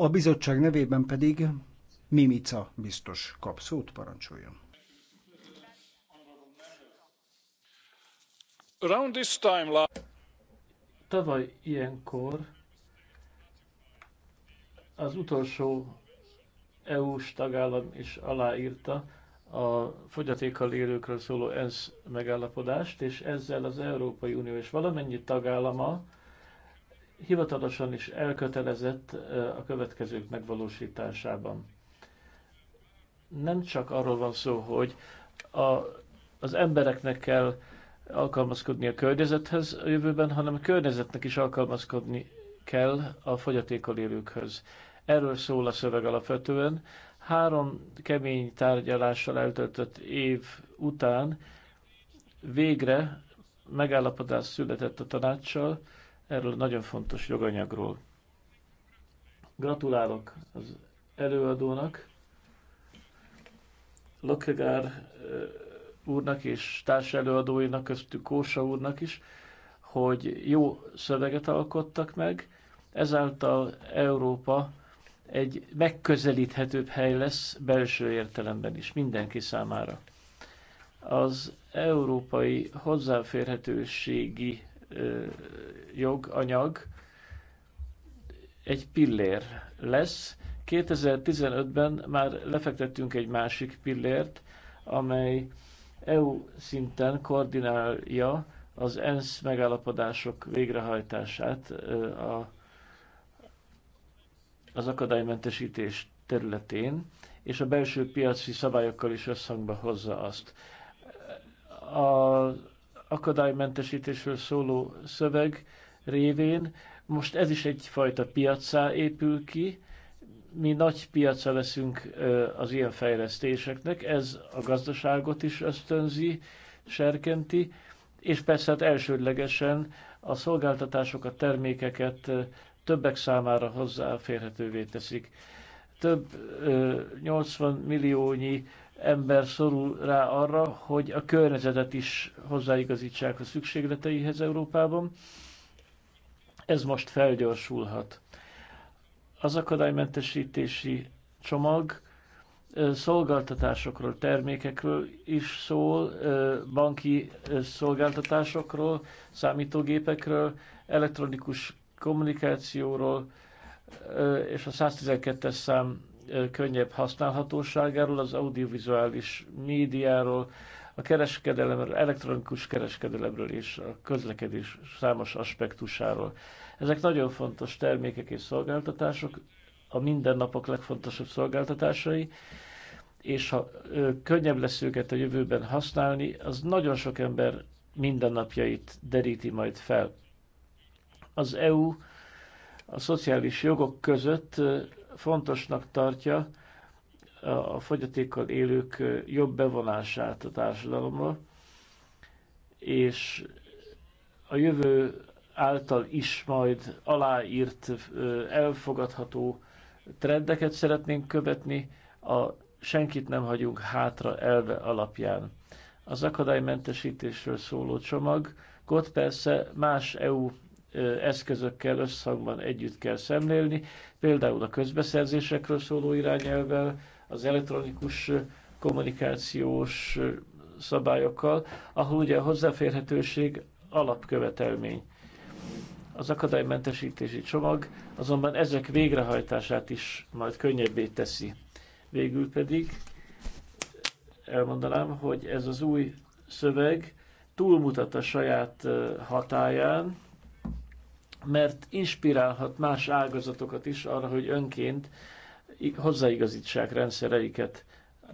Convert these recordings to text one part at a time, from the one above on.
A bizottság nevében pedig Mimica biztos kap szót, parancsoljon. Tavaly ilyenkor az utolsó EU-s tagállam is aláírta a fogyatékkal élőkről szóló ENSZ megállapodást, és ezzel az Európai Unió és valamennyi tagállama hivatalosan is elkötelezett a következők megvalósításában. Nem csak arról van szó, hogy a, az embereknek kell alkalmazkodni a környezethez a jövőben, hanem a környezetnek is alkalmazkodni kell a fogyatékkal élőkhöz. Erről szól a szöveg alapvetően. Három kemény tárgyalással eltöltött év után végre megállapodás született a tanácssal, erről a nagyon fontos joganyagról. Gratulálok az előadónak, Lokegár eh, úrnak és társ előadóinak, köztük Kósa úrnak is, hogy jó szöveget alkottak meg, ezáltal Európa egy megközelíthetőbb hely lesz belső értelemben is, mindenki számára. Az európai hozzáférhetőségi joganyag egy pillér lesz. 2015-ben már lefektettünk egy másik pillért, amely EU szinten koordinálja az ENSZ megállapodások végrehajtását a, az akadálymentesítés területén, és a belső piaci szabályokkal is összhangba hozza azt. A, akadálymentesítésről szóló szöveg révén most ez is egyfajta piacá épül ki, mi nagy piaca leszünk az ilyen fejlesztéseknek, ez a gazdaságot is ösztönzi, serkenti, és persze hát elsődlegesen a szolgáltatásokat, termékeket többek számára hozzáférhetővé teszik több 80 milliónyi ember szorul rá arra, hogy a környezetet is hozzáigazítsák a szükségleteihez Európában. Ez most felgyorsulhat. Az akadálymentesítési csomag szolgáltatásokról, termékekről is szól, banki szolgáltatásokról, számítógépekről, elektronikus kommunikációról, és a 112-es szám könnyebb használhatóságáról, az audiovizuális médiáról, a kereskedelemről, elektronikus kereskedelemről és a közlekedés számos aspektusáról. Ezek nagyon fontos termékek és szolgáltatások, a mindennapok legfontosabb szolgáltatásai, és ha ö, könnyebb lesz őket a jövőben használni, az nagyon sok ember mindennapjait deríti majd fel. Az EU a szociális jogok között fontosnak tartja a fogyatékkal élők jobb bevonását a társadalomba, és a jövő által is majd aláírt, elfogadható trendeket szeretnénk követni, a senkit nem hagyunk hátra elve alapján. Az akadálymentesítésről szóló ott persze más EU eszközökkel összhangban együtt kell szemlélni, például a közbeszerzésekről szóló irányelvvel, az elektronikus kommunikációs szabályokkal, ahol ugye a hozzáférhetőség alapkövetelmény. Az akadálymentesítési csomag azonban ezek végrehajtását is majd könnyebbé teszi. Végül pedig elmondanám, hogy ez az új szöveg túlmutat a saját hatáján, mert inspirálhat más ágazatokat is arra, hogy önként hozzáigazítsák rendszereiket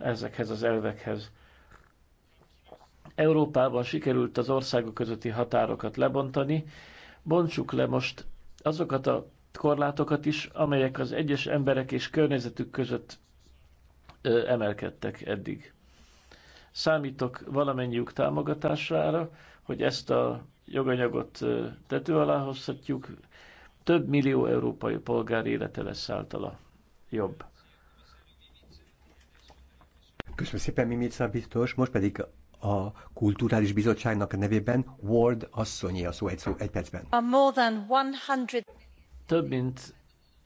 ezekhez az elvekhez. Európában sikerült az országok közötti határokat lebontani. Bontsuk le most azokat a korlátokat is, amelyek az egyes emberek és környezetük között ö, emelkedtek eddig. Számítok valamennyiük támogatására, hogy ezt a joganyagot tető alá hozhatjuk, több millió európai polgár élete lesz általa jobb. Köszönöm szépen, Mimica biztos. Most pedig a Kulturális Bizottságnak a nevében Ward Asszonyi a szó egy, szó egy percben. Több mint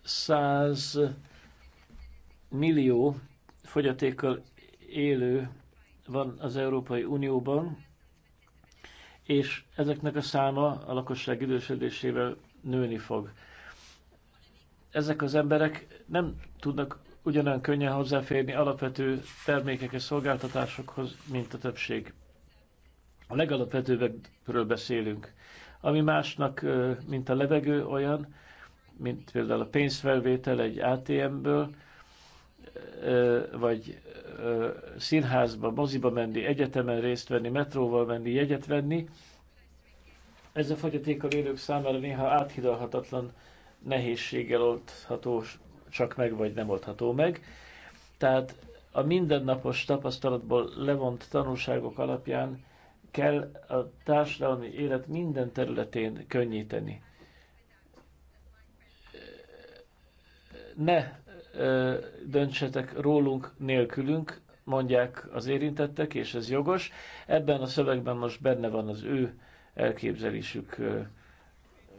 100 millió fogyatékkal élő van az Európai Unióban, és ezeknek a száma a lakosság idősödésével nőni fog. Ezek az emberek nem tudnak ugyanolyan könnyen hozzáférni alapvető termékekhez, szolgáltatásokhoz, mint a többség. A legalapvetőbbekről beszélünk. Ami másnak, mint a levegő, olyan, mint például a pénzfelvétel egy ATM-ből, vagy színházba, moziba menni, egyetemen részt venni, metróval menni, jegyet venni. Ez a a vélők számára néha áthidalhatatlan nehézséggel oldható, csak meg vagy nem oldható meg. Tehát a mindennapos tapasztalatból levont tanulságok alapján kell a társadalmi élet minden területén könnyíteni. Ne döntsetek rólunk, nélkülünk, mondják az érintettek, és ez jogos. Ebben a szövegben most benne van az ő elképzelésük,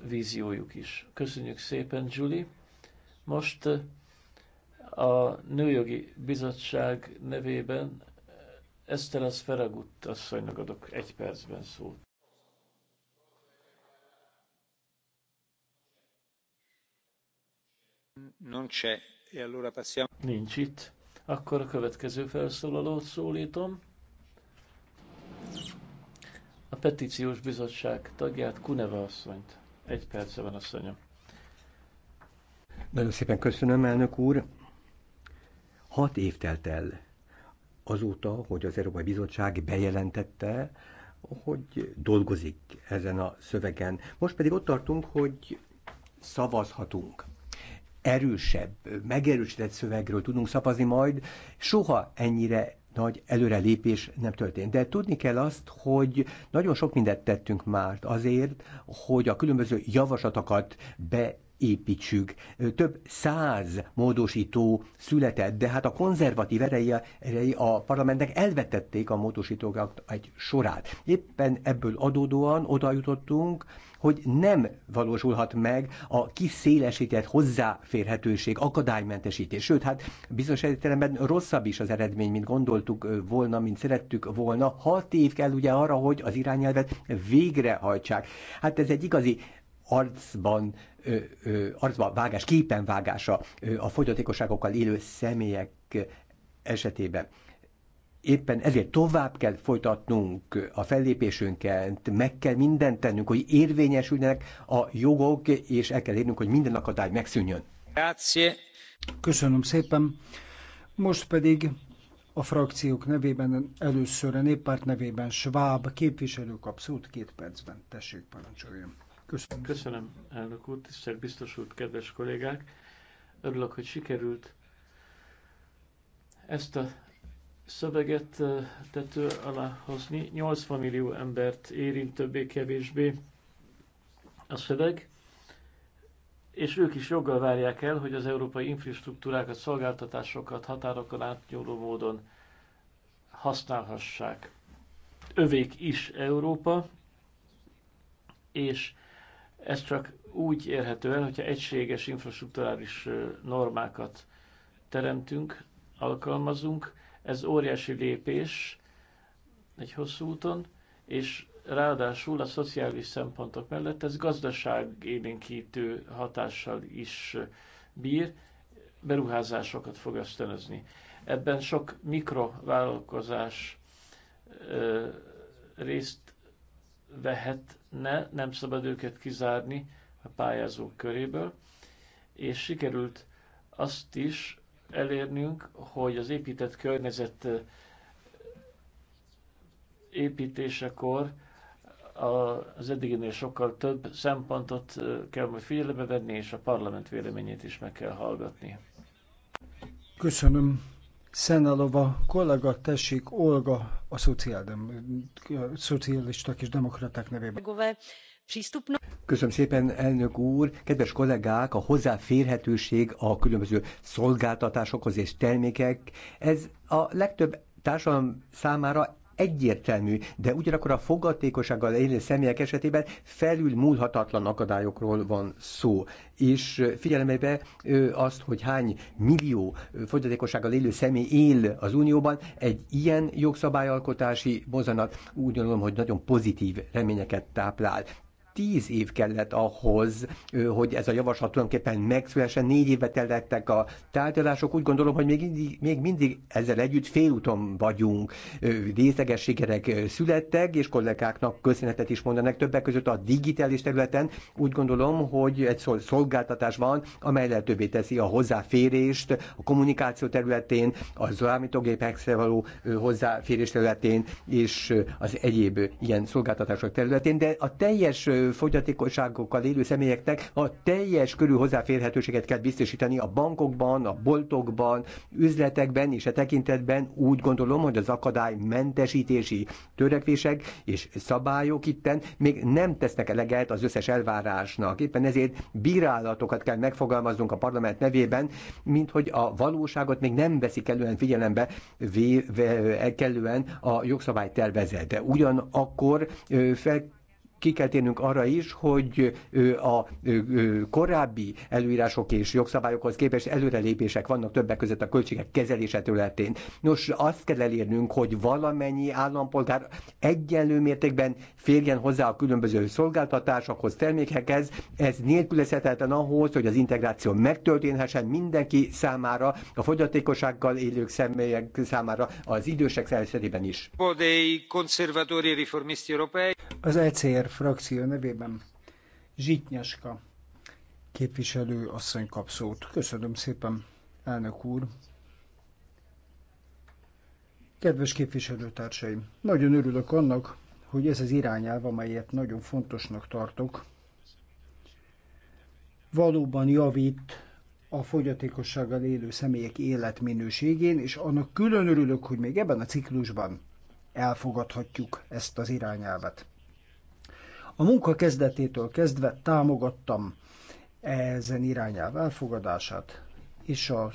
víziójuk is. Köszönjük szépen, Julie. Most a Nőjogi Bizottság nevében Esztelas Feragut asszonynak adok egy percben szót. Non c'è E Nincs itt. Akkor a következő felszólalót szólítom. A petíciós bizottság tagját, Kuneva asszonyt. Egy perce van, asszonyom. Nagyon szépen köszönöm, elnök úr. Hat év telt el azóta, hogy az Európai Bizottság bejelentette, hogy dolgozik ezen a szövegen. Most pedig ott tartunk, hogy szavazhatunk erősebb, megerősített szövegről tudunk szapazni majd. Soha ennyire nagy előrelépés nem történt. De tudni kell azt, hogy nagyon sok mindent tettünk már azért, hogy a különböző javaslatokat be építsük. Több száz módosító született, de hát a konzervatív erejei a parlamentnek elvetették a módosítókat egy sorát. Éppen ebből adódóan oda jutottunk, hogy nem valósulhat meg a kiszélesített hozzáférhetőség, akadálymentesítés. Sőt, hát bizonyos értelemben rosszabb is az eredmény, mint gondoltuk volna, mint szerettük volna. Hat év kell ugye arra, hogy az irányelvet végrehajtsák. Hát ez egy igazi arcban arcba vágás, képen vágása a fogyatékosságokkal élő személyek esetében. Éppen ezért tovább kell folytatnunk a fellépésünket, meg kell mindent tennünk, hogy érvényesüljenek a jogok, és el kell érnünk, hogy minden akadály megszűnjön. Grazie. Köszönöm szépen. Most pedig a frakciók nevében, először a néppárt nevében Schwab képviselő kap szót két percben. Tessék, parancsoljon. Köszönöm. Köszönöm, elnök úr, tisztelt biztos úr, kedves kollégák. Örülök, hogy sikerült ezt a szöveget tető alá hozni. 80 millió embert érint többé-kevésbé a szöveg, és ők is joggal várják el, hogy az európai infrastruktúrákat, szolgáltatásokat határokon átnyúló módon használhassák. Övék is Európa, és ez csak úgy érhető el, hogyha egységes infrastruktúrális normákat teremtünk, alkalmazunk. Ez óriási lépés egy hosszú úton, és ráadásul a szociális szempontok mellett ez gazdaságélénkítő hatással is bír, beruházásokat fog ösztönözni. Ebben sok mikrovállalkozás részt vehetne, nem szabad őket kizárni a pályázók köréből, és sikerült azt is elérnünk, hogy az épített környezet építésekor az eddiginél sokkal több szempontot kell majd figyelembe venni, és a parlament véleményét is meg kell hallgatni. Köszönöm. Szenelova kollega, tessék, Olga a szocialisták és demokraták nevében. Köszönöm szépen, elnök úr! Kedves kollégák, a hozzáférhetőség a különböző szolgáltatásokhoz és termékek, ez a legtöbb társadalom számára egyértelmű, de ugyanakkor a fogyatékossággal élő személyek esetében felül múlhatatlan akadályokról van szó. És figyelembe azt, hogy hány millió fogyatékossággal élő személy él az Unióban, egy ilyen jogszabályalkotási mozanat úgy gondolom, hogy nagyon pozitív reményeket táplál tíz év kellett ahhoz, hogy ez a javaslat tulajdonképpen megszülhessen, négy évet telettek a tárgyalások. Úgy gondolom, hogy még mindig, még mindig ezzel együtt félúton vagyunk. Részleges sikerek születtek, és kollégáknak köszönetet is mondanak többek között a digitális területen. Úgy gondolom, hogy egy szolgáltatás van, amely lehetővé teszi a hozzáférést a kommunikáció területén, a zolámítógépekszel való hozzáférés területén, és az egyéb ilyen szolgáltatások területén, de a teljes fogyatékosságokkal élő személyeknek a teljes körű hozzáférhetőséget kell biztosítani a bankokban, a boltokban, üzletekben és a e tekintetben úgy gondolom, hogy az akadály mentesítési törekvések és szabályok itten még nem tesznek eleget az összes elvárásnak. Éppen ezért bírálatokat kell megfogalmaznunk a parlament nevében, mint hogy a valóságot még nem veszik kellően figyelembe, vé, kellően a jogszabálytervezet. De ugyanakkor fel ki kell térnünk arra is, hogy a korábbi előírások és jogszabályokhoz képest előrelépések vannak többek között a költségek kezelése területén. Nos, azt kell elérnünk, hogy valamennyi állampolgár egyenlő mértékben férjen hozzá a különböző szolgáltatásokhoz, termékekhez. Ez nélkülözhetetlen ahhoz, hogy az integráció megtörténhessen mindenki számára, a fogyatékossággal élők személyek számára, az idősek esetében is. E az ECR frakció nevében Zsitnyaska képviselő asszony kap szót. Köszönöm szépen, elnök úr. Kedves képviselőtársaim, nagyon örülök annak, hogy ez az irányelv, amelyet nagyon fontosnak tartok, valóban javít a fogyatékossággal élő személyek életminőségén, és annak külön örülök, hogy még ebben a ciklusban elfogadhatjuk ezt az irányelvet. A munka kezdetétől kezdve támogattam ezen irányáv elfogadását, és a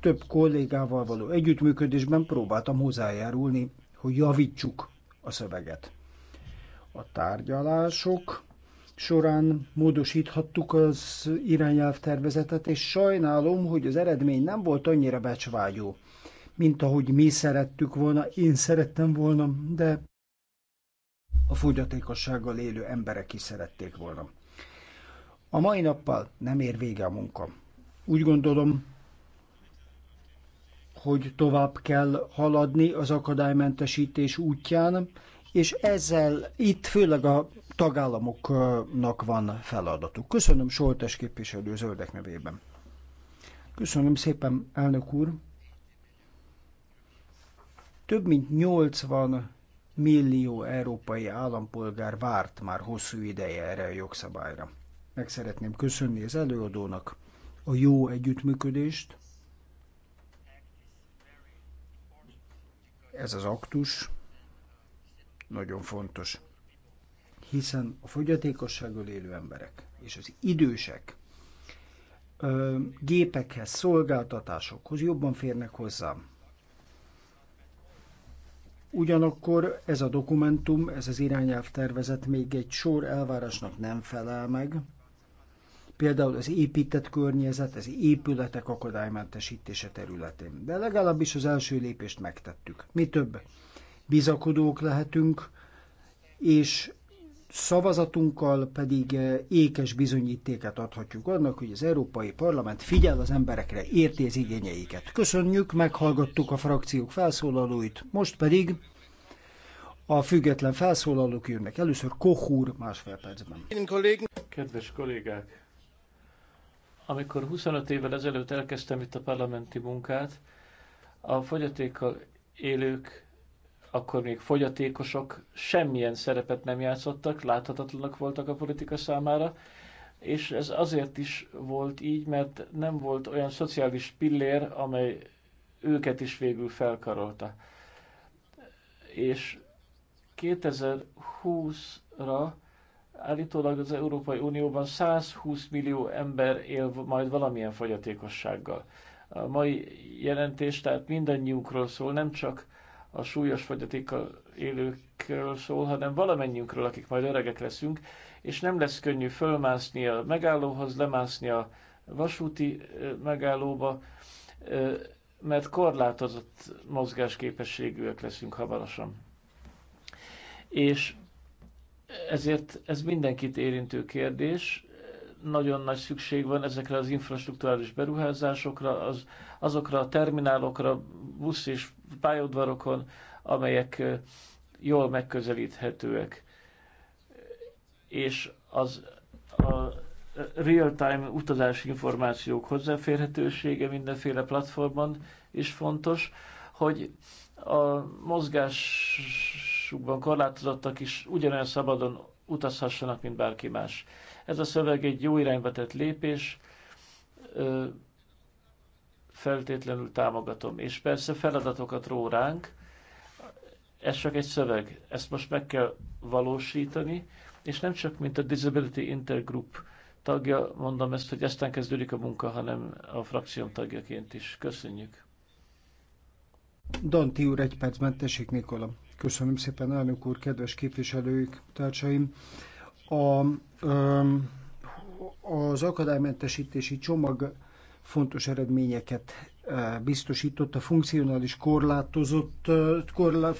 több kollégával való együttműködésben próbáltam hozzájárulni, hogy javítsuk a szöveget. A tárgyalások során módosíthattuk az tervezetet, és sajnálom, hogy az eredmény nem volt annyira becsvágyó, mint ahogy mi szerettük volna, én szerettem volna, de a fogyatékossággal élő emberek is szerették volna. A mai nappal nem ér vége a munka. Úgy gondolom, hogy tovább kell haladni az akadálymentesítés útján, és ezzel itt főleg a tagállamoknak van feladatuk. Köszönöm Soltes képviselő zöldek nevében. Köszönöm szépen, elnök úr. Több mint 80 millió európai állampolgár várt már hosszú ideje erre a jogszabályra. Meg szeretném köszönni az előadónak a jó együttműködést. Ez az aktus nagyon fontos, hiszen a fogyatékossággal élő emberek és az idősek gépekhez, szolgáltatásokhoz jobban férnek hozzá, Ugyanakkor ez a dokumentum, ez az irányelv tervezet még egy sor elvárásnak nem felel meg, például az épített környezet, az épületek akadálymentesítése területén. De legalábbis az első lépést megtettük. Mi több, bizakodók lehetünk, és szavazatunkkal pedig eh, ékes bizonyítéket adhatjuk annak, hogy az Európai Parlament figyel az emberekre, érti az igényeiket. Köszönjük, meghallgattuk a frakciók felszólalóit, most pedig a független felszólalók jönnek. Először Kohúr másfél percben. Kedves kollégák! Amikor 25 évvel ezelőtt elkezdtem itt a parlamenti munkát, a fogyatékkal élők akkor még fogyatékosok semmilyen szerepet nem játszottak, láthatatlanak voltak a politika számára, és ez azért is volt így, mert nem volt olyan szociális pillér, amely őket is végül felkarolta. És 2020-ra állítólag az Európai Unióban 120 millió ember él majd valamilyen fogyatékossággal. A mai jelentés tehát mindannyiunkról szól, nem csak a súlyos fogyatékkal élőkről szól, hanem valamennyiünkről, akik majd öregek leszünk, és nem lesz könnyű fölmászni a megállóhoz, lemászni a vasúti megállóba, mert korlátozott mozgásképességűek leszünk hamarosan. És ezért ez mindenkit érintő kérdés, nagyon nagy szükség van ezekre az infrastruktúrális beruházásokra, az, azokra a terminálokra, busz és pályaudvarokon, amelyek jól megközelíthetőek. És az a real-time utazási információk hozzáférhetősége mindenféle platformon is fontos, hogy a mozgásukban korlátozottak is ugyanolyan szabadon utazhassanak, mint bárki más. Ez a szöveg egy jó irányba tett lépés, feltétlenül támogatom. És persze feladatokat ró ránk, ez csak egy szöveg, ezt most meg kell valósítani, és nem csak mint a Disability Intergroup tagja mondom ezt, hogy eztán kezdődik a munka, hanem a frakcióm tagjaként is. Köszönjük. Danti úr, egy percben, tessék Nikola. Köszönöm szépen, elnök úr, kedves képviselőik, társaim. A, ö, az akadálymentesítési csomag fontos eredményeket eh, biztosított a funkcionális korlátozott, eh, korlá,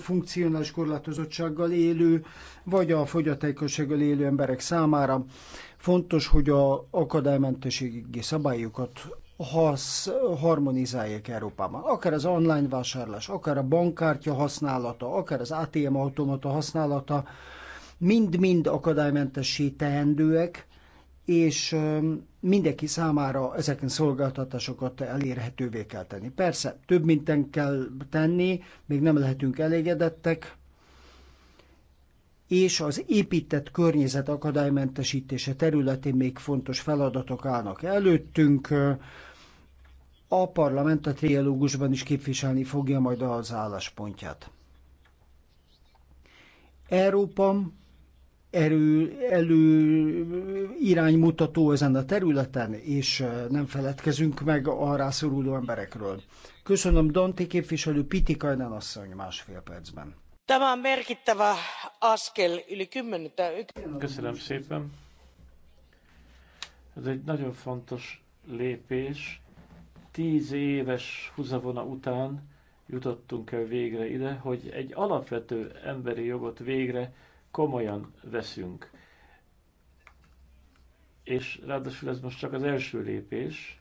funkcionális korlátozottsággal élő, vagy a fogyatékossággal élő emberek számára. Fontos, hogy a akadálymentességi szabályokat hasz, harmonizálják Európában. Akár az online vásárlás, akár a bankkártya használata, akár az ATM automata használata, mind-mind akadálymentessé teendőek, és mindenki számára ezeken szolgáltatásokat elérhetővé kell tenni. Persze, több minden kell tenni, még nem lehetünk elégedettek, és az épített környezet akadálymentesítése területén még fontos feladatok állnak előttünk. A parlament a triálógusban is képviselni fogja majd az álláspontját. Európa erő, elő iránymutató ezen a területen, és nem feledkezünk meg a rászoruló emberekről. Köszönöm Danti képviselő Piti Kajnán asszony másfél percben. Tämä on merkittävä askel yli kymmenettä. Köszönöm szépen. Ez egy nagyon fontos lépés. Tíz éves húzavona után jutottunk el végre ide, hogy egy alapvető emberi jogot végre komolyan veszünk. És ráadásul ez most csak az első lépés.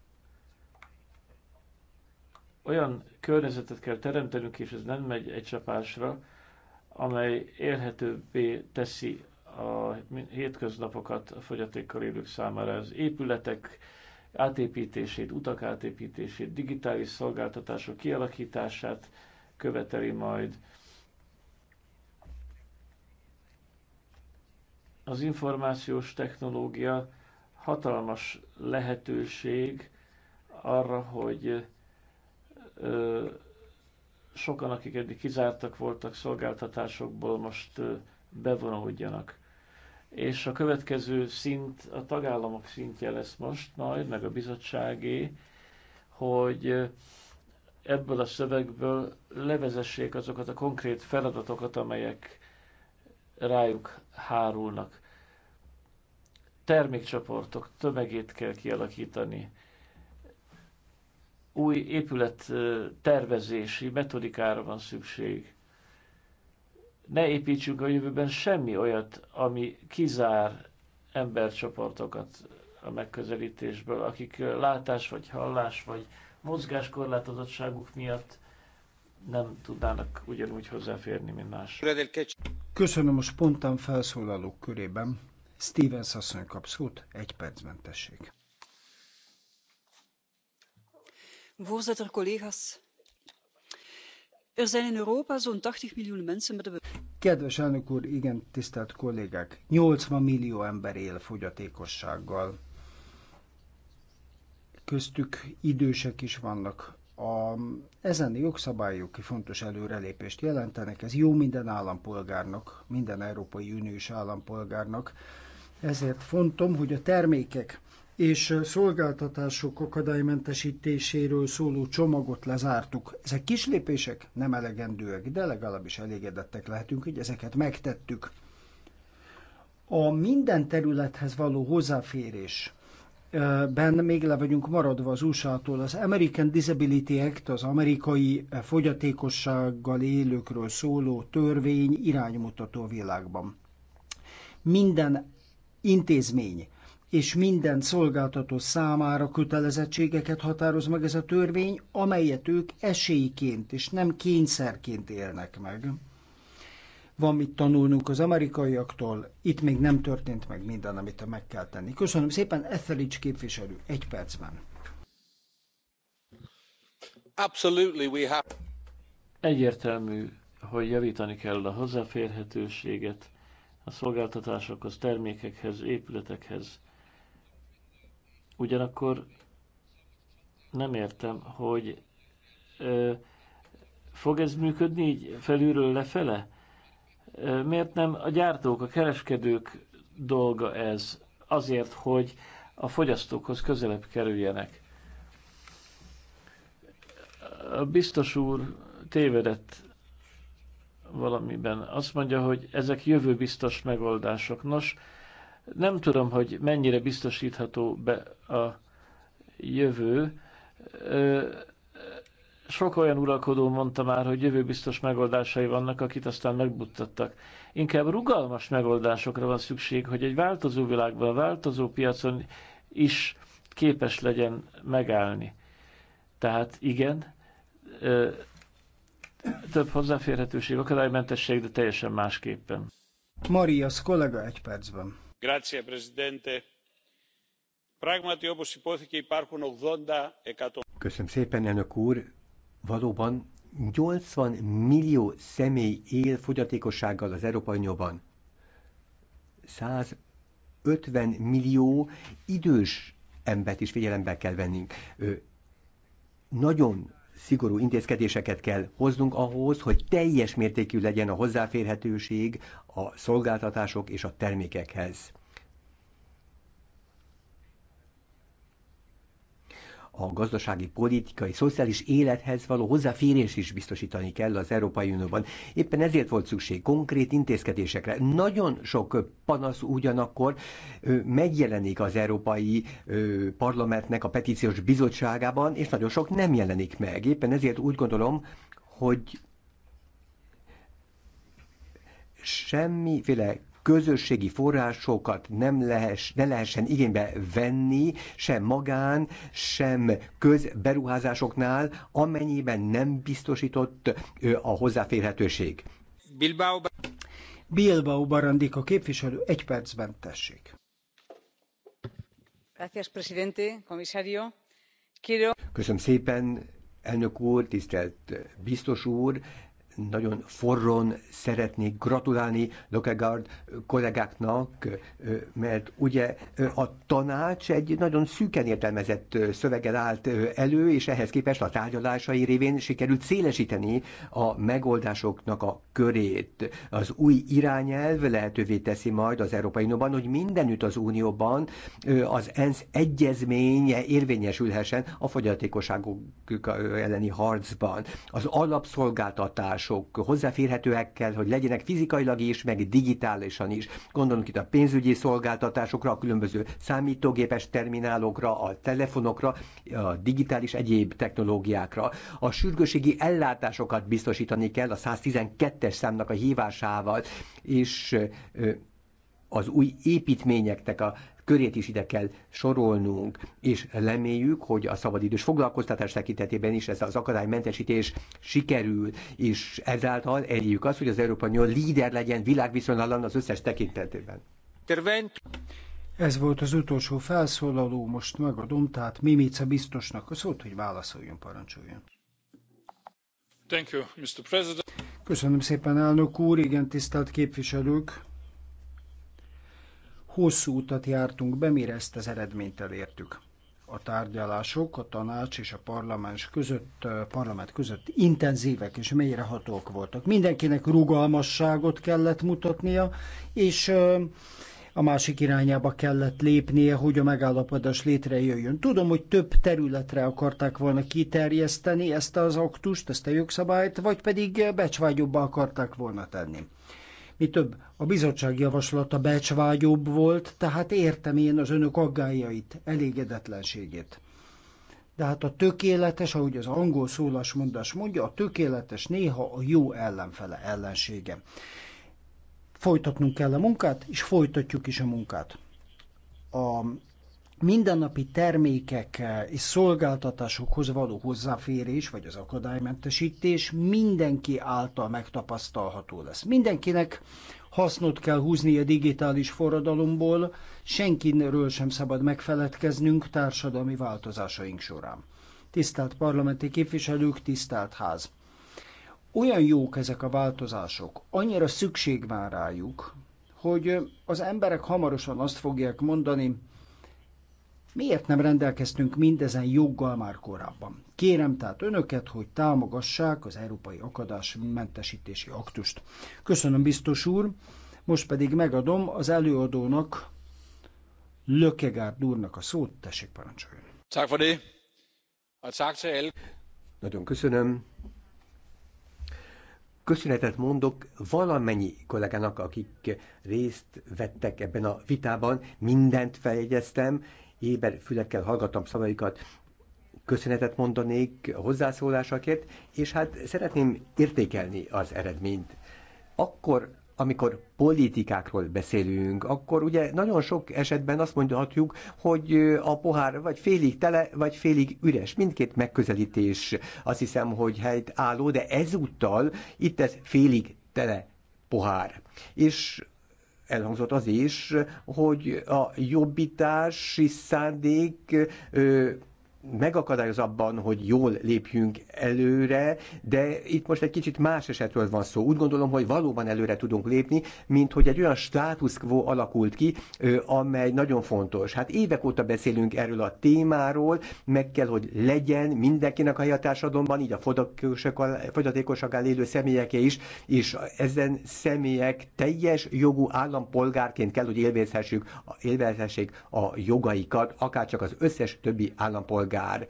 Olyan környezetet kell teremtenünk, és ez nem megy egy csapásra, amely élhetőbbé teszi a hétköznapokat a fogyatékkal élők számára. Az épületek átépítését, utak átépítését, digitális szolgáltatások kialakítását követeli majd Az információs technológia hatalmas lehetőség arra, hogy ö, sokan, akik eddig kizártak voltak szolgáltatásokból, most ö, bevonódjanak. És a következő szint a tagállamok szintje lesz most majd, meg a bizottságé, hogy ebből a szövegből levezessék azokat a konkrét feladatokat, amelyek rájuk hárulnak. Termékcsoportok tömegét kell kialakítani. Új épület tervezési metodikára van szükség. Ne építsünk a jövőben semmi olyat, ami kizár embercsoportokat a megközelítésből, akik látás vagy hallás vagy mozgáskorlátozottságuk miatt nem tudnának ugyanúgy hozzáférni, mint más. Köszönöm a spontán felszólalók körében. Stevens asszony kap szót, egy percben tessék. Voorzitter, collega's. Er zijn in Europa zo'n 80 miljoen mensen met een... Kedves elnök úr, igen, tisztelt kollégák, 80 millió ember él fogyatékossággal. Köztük idősek is vannak, a, ezen jogszabályok fontos előrelépést jelentenek, ez jó minden állampolgárnak, minden Európai Uniós állampolgárnak. Ezért fontom, hogy a termékek és szolgáltatások akadálymentesítéséről szóló csomagot lezártuk. Ezek kis lépések, nem elegendőek, de legalábbis elégedettek lehetünk, hogy ezeket megtettük. A minden területhez való hozzáférés ben még le vagyunk maradva az USA-tól. Az American Disability Act, az amerikai eh, fogyatékossággal élőkről szóló törvény iránymutató a világban. Minden intézmény és minden szolgáltató számára kötelezettségeket határoz meg ez a törvény, amelyet ők esélyként és nem kényszerként élnek meg. Van mit tanulnunk az amerikaiaktól, itt még nem történt meg minden, amit meg kell tenni. Köszönöm szépen, Ethelics képviselő, egy percben. Absolutely we have... Egyértelmű, hogy javítani kell a hozzáférhetőséget a szolgáltatásokhoz, termékekhez, épületekhez. Ugyanakkor nem értem, hogy ö, fog ez működni így felülről lefele? Miért nem a gyártók, a kereskedők dolga ez? Azért, hogy a fogyasztókhoz közelebb kerüljenek. A biztos úr tévedett valamiben. Azt mondja, hogy ezek jövőbiztos megoldások. Nos, nem tudom, hogy mennyire biztosítható be a jövő. Sok olyan uralkodó mondta már, hogy jövőbiztos megoldásai vannak, akit aztán megbuttattak. Inkább rugalmas megoldásokra van szükség, hogy egy változó világban, változó piacon is képes legyen megállni. Tehát igen, több hozzáférhetőség, akadálymentesség, de teljesen másképpen. Marias kollega egy percben. Grazie, presidente. Pragmati, όπως υπόθηκε, υπάρχουν Köszönöm szépen, elnök úr valóban 80 millió személy él fogyatékossággal az Európai Unióban. 150 millió idős embert is figyelembe kell vennünk. Ö, nagyon szigorú intézkedéseket kell hoznunk ahhoz, hogy teljes mértékű legyen a hozzáférhetőség a szolgáltatások és a termékekhez. a gazdasági, politikai, szociális élethez való hozzáférés is biztosítani kell az Európai Unióban. Éppen ezért volt szükség konkrét intézkedésekre. Nagyon sok panasz ugyanakkor megjelenik az Európai Parlamentnek a petíciós bizottságában, és nagyon sok nem jelenik meg. Éppen ezért úgy gondolom, hogy semmiféle közösségi forrásokat nem lehess, ne lehessen igénybe venni, sem magán, sem közberuházásoknál, amennyiben nem biztosított a hozzáférhetőség. Bilbao, Bilbao Barandika képviselő, egy percben tessék. Gracias, presidente, comisario. Köszönöm szépen, elnök úr, tisztelt biztos úr nagyon forron szeretnék gratulálni Lokegard kollégáknak, mert ugye a tanács egy nagyon szűken értelmezett szöveggel állt elő, és ehhez képest a tárgyalásai révén sikerült szélesíteni a megoldásoknak a körét. Az új irányelv lehetővé teszi majd az Európai Unióban, hogy mindenütt az Unióban az ENSZ egyezménye érvényesülhessen a fogyatékosságok elleni harcban. Az alapszolgáltatás források hozzáférhetőekkel, hogy legyenek fizikailag is, meg digitálisan is. Gondolunk itt a pénzügyi szolgáltatásokra, a különböző számítógépes terminálokra, a telefonokra, a digitális egyéb technológiákra. A sürgőségi ellátásokat biztosítani kell a 112-es számnak a hívásával, és az új építményeknek a körét is ide kell sorolnunk, és reméljük, hogy a szabadidős foglalkoztatás tekintetében is ez az akadálymentesítés sikerül, és ezáltal eljük azt, hogy az Európai Unió líder legyen világviszonylatban az összes tekintetében. Ez volt az utolsó felszólaló, most megadom, tehát Mimica biztosnak a szót, hogy válaszoljon, parancsoljon. Thank you, Mr. President. Köszönöm szépen, elnök úr, igen, tisztelt képviselők! Hosszú utat jártunk be, mire ezt az eredményt elértük. A tárgyalások a tanács és a parlament között, parlament között intenzívek és mélyrehatók voltak. Mindenkinek rugalmasságot kellett mutatnia, és a másik irányába kellett lépnie, hogy a megállapodás létrejöjjön. Tudom, hogy több területre akarták volna kiterjeszteni ezt az aktust, ezt a jogszabályt, vagy pedig becsvágyobbá akarták volna tenni. Mi több, a bizottság javaslata becsvágyóbb volt, tehát értem én az önök aggájait, elégedetlenségét. De hát a tökéletes, ahogy az angol szólásmondás mondja, a tökéletes néha a jó ellenfele ellensége. Folytatnunk kell a munkát, és folytatjuk is a munkát. A mindennapi termékek eh, és szolgáltatásokhoz való hozzáférés, vagy az akadálymentesítés mindenki által megtapasztalható lesz. Mindenkinek hasznot kell húzni a digitális forradalomból, senkinről sem szabad megfeledkeznünk társadalmi változásaink során. Tisztelt parlamenti képviselők, tisztelt ház! Olyan jók ezek a változások, annyira szükség van rájuk, hogy az emberek hamarosan azt fogják mondani, Miért nem rendelkeztünk mindezen joggal már korábban? Kérem tehát önöket, hogy támogassák az Európai Akadás Mentesítési Aktust. Köszönöm, biztos úr. Most pedig megadom az előadónak, Lökegárd úrnak a szót. Tessék, parancsoljon. for Nagyon köszönöm. Köszönetet mondok valamennyi kollégának, akik részt vettek ebben a vitában. Mindent feljegyeztem, éber fülekkel hallgatom szavaikat, köszönetet mondanék hozzászólásakért, és hát szeretném értékelni az eredményt. Akkor, amikor politikákról beszélünk, akkor ugye nagyon sok esetben azt mondhatjuk, hogy a pohár vagy félig tele, vagy félig üres. Mindkét megközelítés azt hiszem, hogy helyt álló, de ezúttal itt ez félig tele pohár. És elhangzott az is, hogy a jobbítási szándék megakadályoz abban, hogy jól lépjünk előre, de itt most egy kicsit más esetről van szó. Úgy gondolom, hogy valóban előre tudunk lépni, mint hogy egy olyan status quo alakult ki, amely nagyon fontos. Hát évek óta beszélünk erről a témáról, meg kell, hogy legyen mindenkinek a helyi társadalomban, így a fogyatékosakkal élő személyeké is, és ezen személyek teljes jogú állampolgárként kell, hogy élvezhessék, a jogaikat, akárcsak az összes többi állampolgár polgár.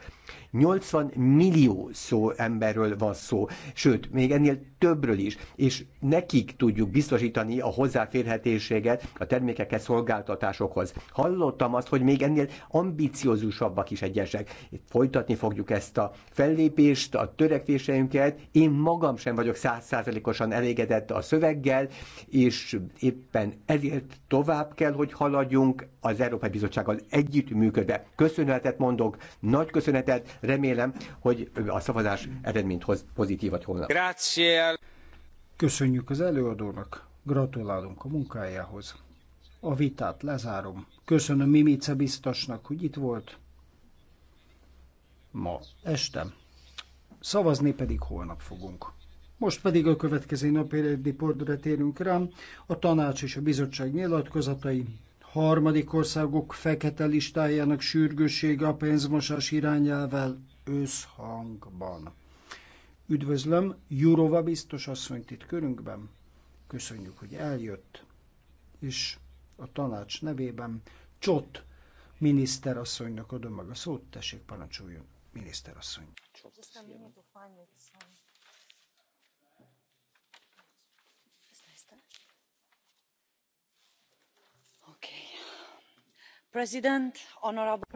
80 millió szó emberről van szó, sőt, még ennél többről is, és nekik tudjuk biztosítani a hozzáférhetőséget a termékekhez, szolgáltatásokhoz. Hallottam azt, hogy még ennél ambiciózusabbak is egyesek. Itt folytatni fogjuk ezt a fellépést, a törekvéseinket. Én magam sem vagyok százszázalékosan elégedett a szöveggel, és éppen ezért tovább kell, hogy haladjunk az Európai Bizottsággal együttműködve. Köszönetet mondok, nagy köszönetet Remélem, hogy a szavazás eredményt hoz pozitívat holnap. Grazie. Köszönjük az előadónak, gratulálunk a munkájához. A vitát lezárom. Köszönöm Mimice biztosnak, hogy itt volt. Ma este. Szavazni pedig holnap fogunk. Most pedig a következő napi reportra térünk rám, a tanács és a bizottság nyilatkozatai harmadik országok fekete listájának sürgőssége a pénzmosás irányelvvel összhangban. Üdvözlöm Jurova biztos asszonyt itt körünkben. Köszönjük, hogy eljött, és a tanács nevében Csott miniszterasszonynak adom meg a szót. Tessék, parancsoljon, miniszterasszony. Csott.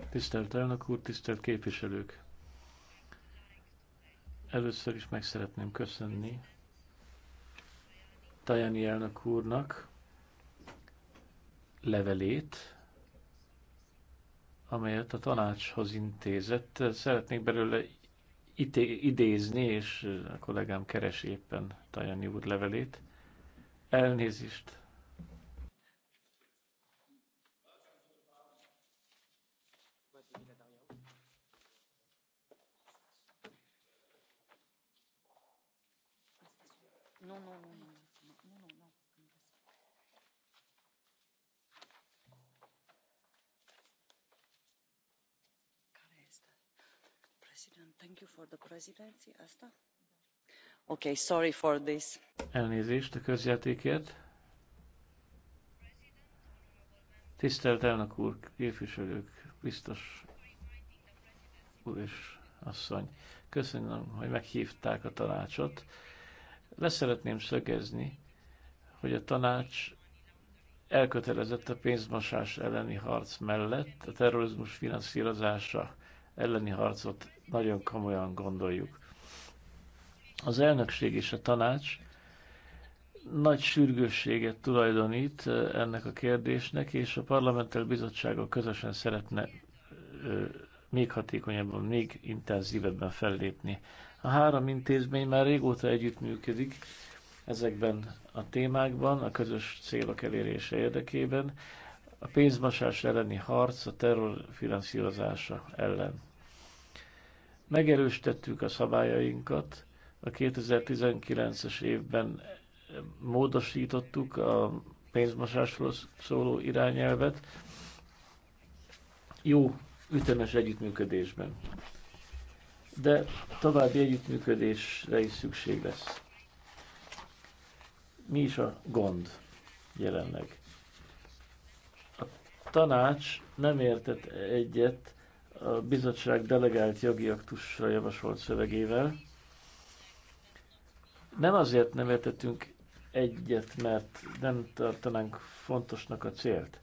Tisztelt elnök úr, tisztelt képviselők! Először is meg szeretném köszönni Tajani elnök úrnak levelét, amelyet a tanácshoz intézett. Szeretnék belőle idézni, és a kollégám keres éppen Tajani úr levelét. Elnézést sorry for this. Elnézést a közjátékért. Tisztelt elnök úr, képviselők, biztos úr és asszony, köszönöm, hogy meghívták a tanácsot. Leszeretném szögezni, hogy a tanács elkötelezett a pénzmosás elleni harc mellett, a terrorizmus finanszírozása elleni harcot nagyon komolyan gondoljuk. Az elnökség és a tanács nagy sürgősséget tulajdonít ennek a kérdésnek, és a parlamentel bizottsága közösen szeretne még hatékonyabban, még intenzívebben fellépni. A három intézmény már régóta együttműködik ezekben a témákban, a közös célok elérése érdekében, a pénzmasás elleni harc, a terror ellen. Megerősítettük a szabályainkat, a 2019-es évben módosítottuk a pénzmosásról szóló irányelvet jó ütemes együttműködésben. De további együttműködésre is szükség lesz. Mi is a gond jelenleg? A tanács nem értett egyet a bizottság delegált jogi aktusra javasolt szövegével. Nem azért nem értettünk egyet, mert nem tartanánk fontosnak a célt.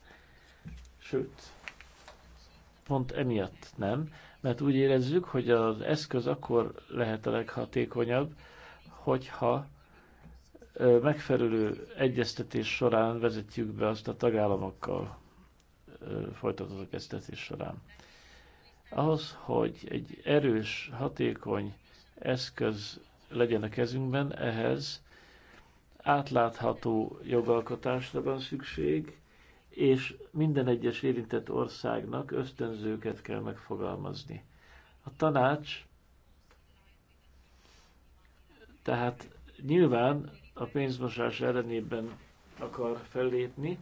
Sőt, pont emiatt nem, mert úgy érezzük, hogy az eszköz akkor lehet a leghatékonyabb, hogyha megfelelő egyeztetés során vezetjük be azt a tagállamokkal folytatott egyeztetés során. Ahhoz, hogy egy erős, hatékony eszköz legyen a kezünkben, ehhez átlátható jogalkotásra van szükség, és minden egyes érintett országnak ösztönzőket kell megfogalmazni. A tanács tehát nyilván a pénzmosás ellenében akar fellépni,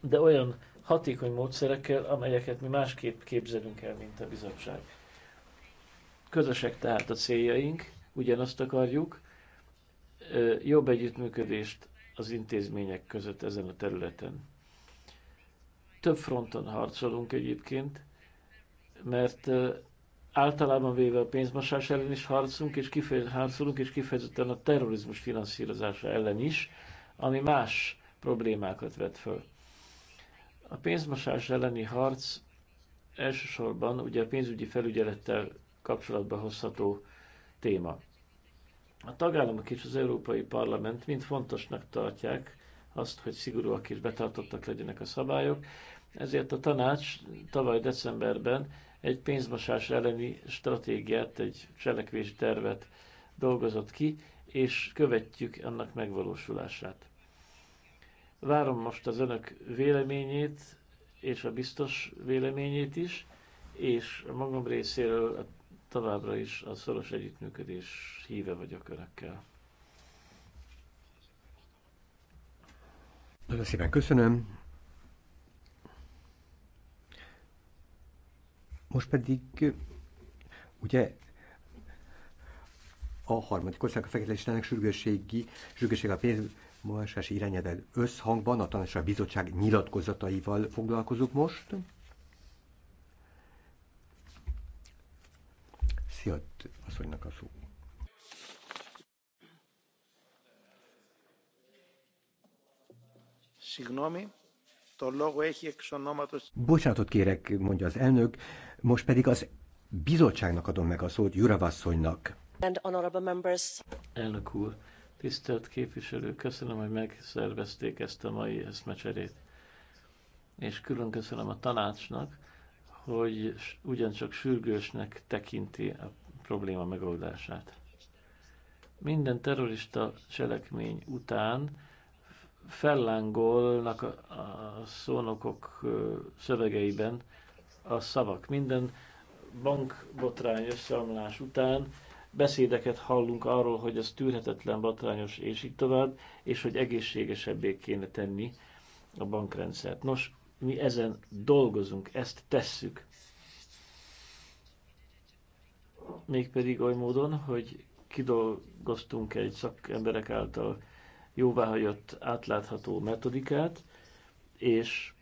de olyan hatékony módszerekkel, amelyeket mi másképp képzelünk el, mint a bizottság. Közösek tehát a céljaink, ugyanazt akarjuk, jobb együttműködést az intézmények között ezen a területen. Több fronton harcolunk egyébként, mert általában véve a pénzmosás ellen is harcunk, és kifeje, harcolunk, és kifejezetten a terrorizmus finanszírozása ellen is, ami más problémákat vet föl. A pénzmosás elleni harc elsősorban ugye a pénzügyi felügyelettel kapcsolatba hozható téma. A tagállamok és az Európai Parlament mind fontosnak tartják azt, hogy szigorúak és betartottak legyenek a szabályok, ezért a tanács tavaly decemberben egy pénzmosás elleni stratégiát, egy cselekvési tervet dolgozott ki, és követjük annak megvalósulását. Várom most az önök véleményét, és a biztos véleményét is, és a magam részéről továbbra is a szoros együttműködés híve vagyok önökkel. Nagyon szépen köszönöm. Most pedig, ugye, a harmadik ország a fekete listának sürgősségi, sürgősség a pénz, Moásás irányelvel összhangban a tanácsra bizottság nyilatkozataival foglalkozunk most. Szia, asszonynak a szó. Signomi. Bocsánatot kérek, mondja az elnök, most pedig az bizottságnak adom meg a szót, Juravasszonynak. Elnök úr, Tisztelt képviselők, köszönöm, hogy megszervezték ezt a mai eszmecserét. És külön köszönöm a tanácsnak, hogy ugyancsak sürgősnek tekinti a probléma megoldását. Minden terrorista cselekmény után fellángolnak a szónokok szövegeiben a szavak. Minden bankbotrány összeomlás után Beszédeket hallunk arról, hogy az tűrhetetlen, batrányos és így tovább, és hogy egészségesebbé kéne tenni a bankrendszert. Nos, mi ezen dolgozunk, ezt tesszük. Mégpedig oly módon, hogy kidolgoztunk egy szakemberek által jóváhagyott átlátható metodikát, és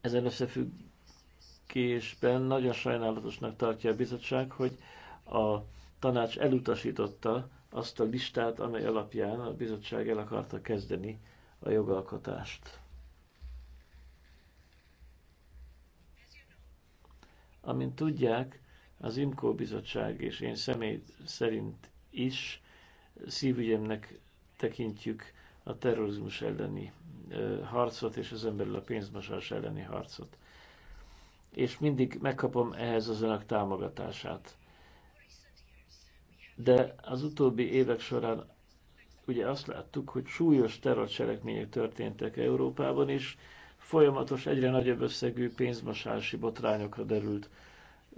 ezen összefüggésben nagyon sajnálatosnak tartja a bizottság, hogy a tanács elutasította azt a listát, amely alapján a bizottság el akarta kezdeni a jogalkotást. Amint tudják, az IMCO bizottság és én személy szerint is szívügyemnek tekintjük a terrorizmus elleni harcot, és az emberül a pénzmosás elleni harcot. És mindig megkapom ehhez az önök támogatását de az utóbbi évek során ugye azt láttuk, hogy súlyos terrorcselekmények történtek Európában, is folyamatos, egyre nagyobb összegű pénzmosási botrányokra derült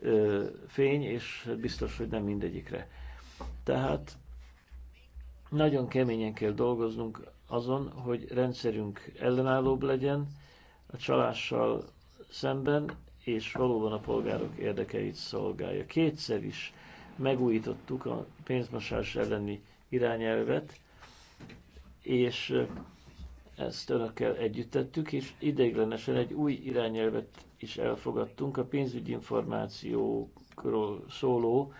ö, fény, és biztos, hogy nem mindegyikre. Tehát nagyon keményen kell dolgoznunk azon, hogy rendszerünk ellenállóbb legyen a csalással szemben, és valóban a polgárok érdekeit szolgálja. Kétszer is megújítottuk a pénzmosás elleni irányelvet, és ezt önökkel együtt tettük, és ideiglenesen egy új irányelvet is elfogadtunk, a pénzügyi információkról szóló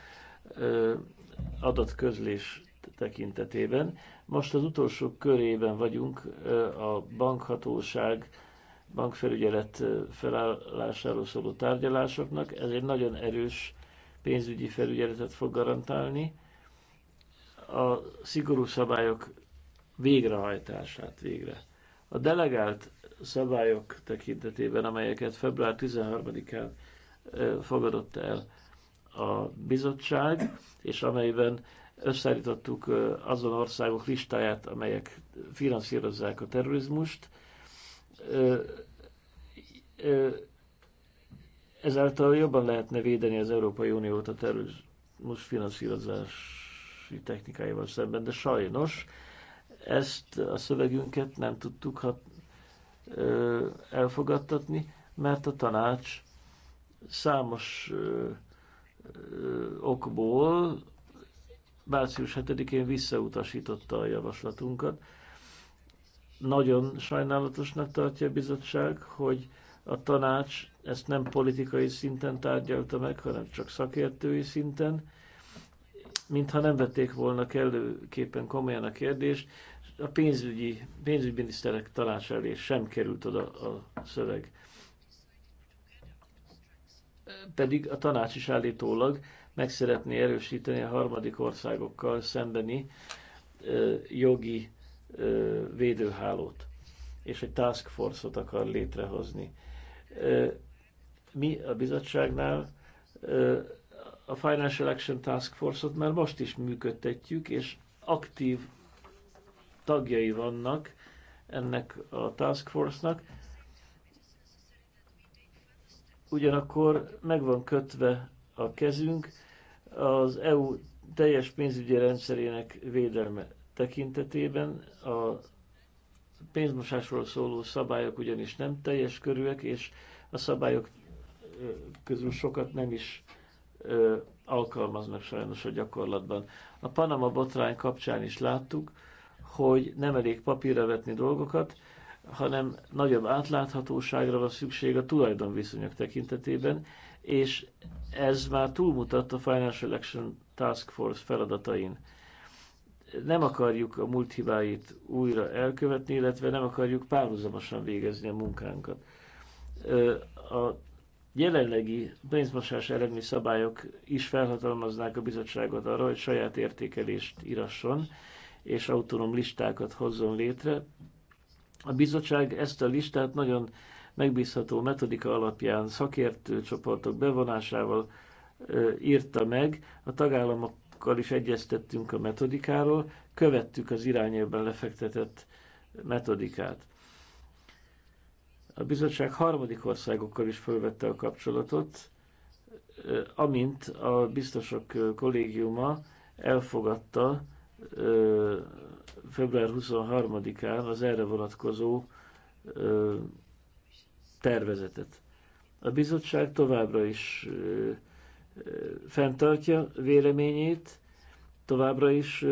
adatközlés tekintetében. Most az utolsó körében vagyunk a bankhatóság, bankfelügyelet felállásáról szóló tárgyalásoknak. Ez egy nagyon erős pénzügyi felügyeletet fog garantálni, a szigorú szabályok végrehajtását végre. A delegált szabályok tekintetében, amelyeket február 13-án fogadott el a bizottság, és amelyben összeállítottuk azon országok listáját, amelyek finanszírozzák a terrorizmust, Ezáltal jobban lehetne védeni az Európai Uniót a terrorizmus finanszírozási technikáival szemben, de sajnos ezt a szövegünket nem tudtuk hat, ö, elfogadtatni, mert a tanács számos ö, ö, okból március 7-én visszautasította a javaslatunkat. Nagyon sajnálatosnak tartja a bizottság, hogy a tanács ezt nem politikai szinten tárgyalta meg, hanem csak szakértői szinten, mintha nem vették volna kellőképpen komolyan a kérdést. A pénzügyi, pénzügyminiszterek tanács elé sem került oda a szöveg. Pedig a tanács is állítólag meg szeretné erősíteni a harmadik országokkal szembeni ö, jogi ö, védőhálót, és egy task force-ot akar létrehozni. Mi a bizottságnál a Financial Action Task Force-ot már most is működtetjük, és aktív tagjai vannak ennek a Task Force-nak. Ugyanakkor meg van kötve a kezünk az EU teljes pénzügyi rendszerének védelme tekintetében, a pénzmosásról szóló szabályok ugyanis nem teljes körűek, és a szabályok közül sokat nem is alkalmaznak sajnos a gyakorlatban. A Panama botrány kapcsán is láttuk, hogy nem elég papírra vetni dolgokat, hanem nagyobb átláthatóságra van szükség a tulajdonviszonyok tekintetében, és ez már túlmutat a Financial Action Task Force feladatain nem akarjuk a múlt hibáit újra elkövetni, illetve nem akarjuk párhuzamosan végezni a munkánkat. A jelenlegi pénzmosás elleni szabályok is felhatalmaznák a bizottságot arra, hogy saját értékelést írasson, és autonóm listákat hozzon létre. A bizottság ezt a listát nagyon megbízható metodika alapján szakértő csoportok bevonásával írta meg, a tagállamok kollégákkal is egyeztettünk a metodikáról, követtük az irányelben lefektetett metodikát. A bizottság harmadik országokkal is felvette a kapcsolatot, eh, amint a biztosok eh, kollégiuma elfogadta eh, február 23-án az erre vonatkozó tervezetet. A bizottság továbbra is fenntartja véleményét, továbbra is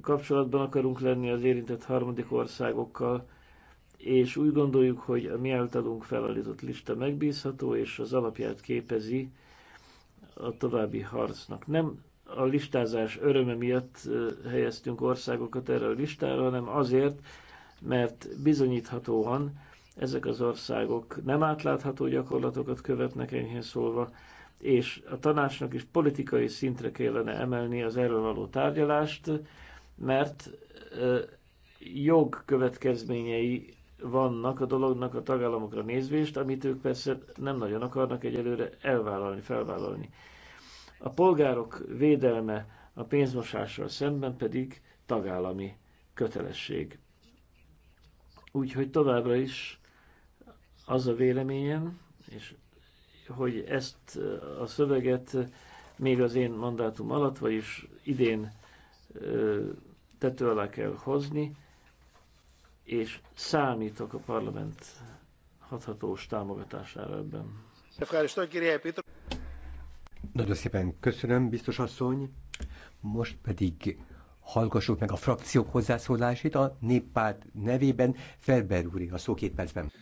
kapcsolatban akarunk lenni az érintett harmadik országokkal, és úgy gondoljuk, hogy a mi általunk felállított lista megbízható, és az alapját képezi a további harcnak. Nem a listázás öröme miatt helyeztünk országokat erre a listára, hanem azért, mert bizonyíthatóan ezek az országok nem átlátható gyakorlatokat követnek, enyhén szólva, és a tanácsnak is politikai szintre kellene emelni az erről való tárgyalást, mert jog következményei vannak a dolognak a tagállamokra nézvést, amit ők persze nem nagyon akarnak egyelőre elvállalni, felvállalni. A polgárok védelme a pénzmosással szemben pedig tagállami kötelesség. Úgyhogy továbbra is az a véleményem, és hogy ezt a szöveget még az én mandátum alatt, vagyis idén tető alá kell hozni, és számítok a parlament hathatós támogatására ebben. Nagyon szépen köszönöm, biztos asszony. Most pedig hallgassuk meg a frakciók hozzászólásait a néppárt nevében. Ferber úr, a szó két percben.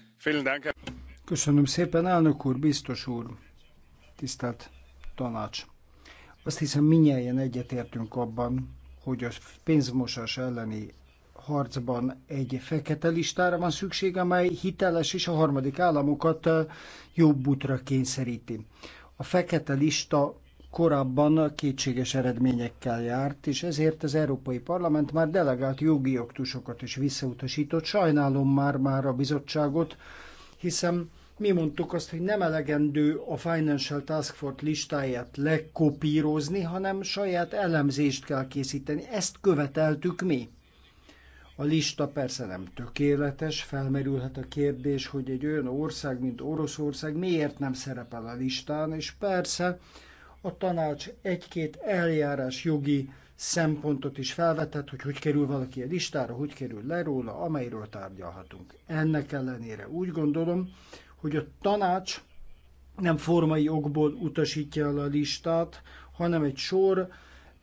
Köszönöm szépen, elnök úr, biztos úr, tisztelt tanács. Azt hiszem, minnyáján egyetértünk abban, hogy a pénzmosás elleni harcban egy fekete listára van szükség, amely hiteles és a harmadik államokat eh, jobb útra kényszeríti. A fekete lista korábban kétséges eredményekkel járt, és ezért az Európai Parlament már delegált jogi aktusokat is visszautasított. Sajnálom már már a bizottságot, hiszen mi mondtuk azt, hogy nem elegendő a Financial Task Force listáját lekopírozni, hanem saját elemzést kell készíteni. Ezt követeltük mi. A lista persze nem tökéletes, felmerülhet a kérdés, hogy egy olyan ország, mint Oroszország miért nem szerepel a listán, és persze a tanács egy-két eljárás jogi szempontot is felvetett, hogy hogy kerül valaki a listára, hogy kerül le róla, amelyről tárgyalhatunk. Ennek ellenére úgy gondolom, hogy a tanács nem formai okból utasítja el a listát, hanem egy sor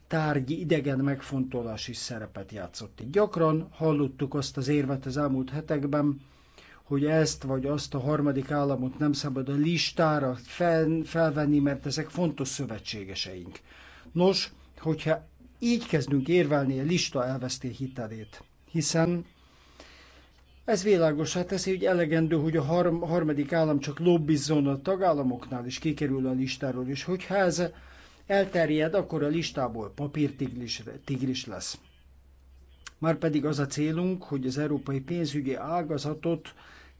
tárgyi idegen megfontolás is szerepet játszott. Gyakran hallottuk azt az érvet az elmúlt hetekben, hogy ezt vagy azt a harmadik államot nem szabad a listára fel, felvenni, mert ezek fontos szövetségeseink. Nos, hogyha így kezdünk érvelni a lista elveszté hitelét, hiszen ez világosá teszi, hogy elegendő, hogy a harmadik állam csak lobbizzon a tagállamoknál, és kikerül a listáról, és hogyha ez elterjed, akkor a listából papírtigris tigris lesz. pedig az a célunk, hogy az európai pénzügyi ágazatot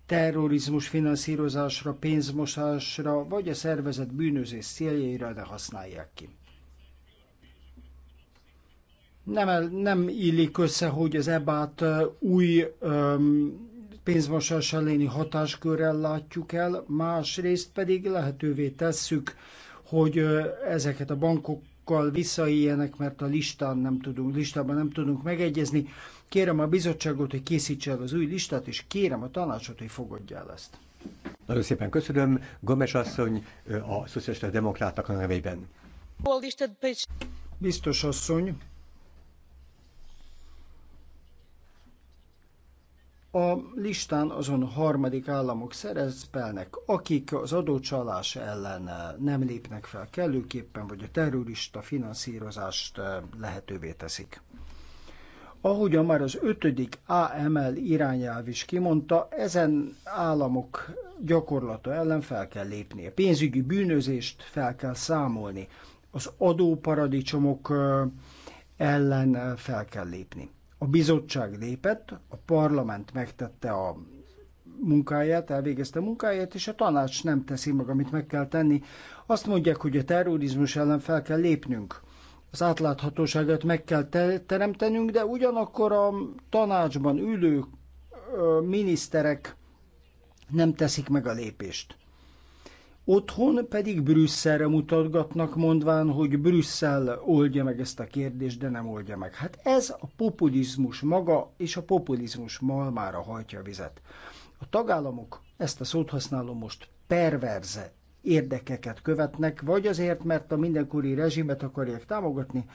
terrorizmus finanszírozásra, pénzmosásra vagy a szervezet bűnözés céljaira ne használják ki nem, nem illik össze, hogy az EBA-t új um, pénzmosás elleni hatáskörrel látjuk el, másrészt pedig lehetővé tesszük, hogy ezeket a bankokkal visszaéljenek, mert a listán nem tudunk, listában nem tudunk megegyezni. Kérem a bizottságot, hogy készítse el az új listát, és kérem a tanácsot, hogy fogadja el ezt. Nagyon szépen köszönöm, Gomes asszony a Szociális Demokrátaknak nevében. Biztos asszony, A listán azon harmadik államok szerepelnek, akik az adócsalás ellen eh, nem lépnek fel kellőképpen, vagy a terrorista finanszírozást eh, lehetővé teszik. Ahogyan már az ötödik AML irányelv is kimondta, ezen államok gyakorlata ellen fel kell lépni. A pénzügyi bűnözést fel kell számolni. Az adóparadicsomok eh, ellen fel kell lépni. A bizottság lépett, a parlament megtette a munkáját, elvégezte a munkáját, és a tanács nem teszi meg, amit meg kell tenni. Azt mondják, hogy a terrorizmus ellen fel kell lépnünk, az átláthatóságot meg kell te- teremtenünk, de ugyanakkor a tanácsban ülő ö, miniszterek nem teszik meg a lépést. Otthon pedig Brüsszelre mutatgatnak, mondván, hogy Brüsszel oldja meg ezt a kérdést, de nem oldja meg. Hát ez a populizmus maga, és a populizmus malmára hajtja a vizet. A tagállamok, ezt a szót használom most, perverze érdekeket követnek, vagy azért, mert a mindenkori rezsimet akarják támogatni,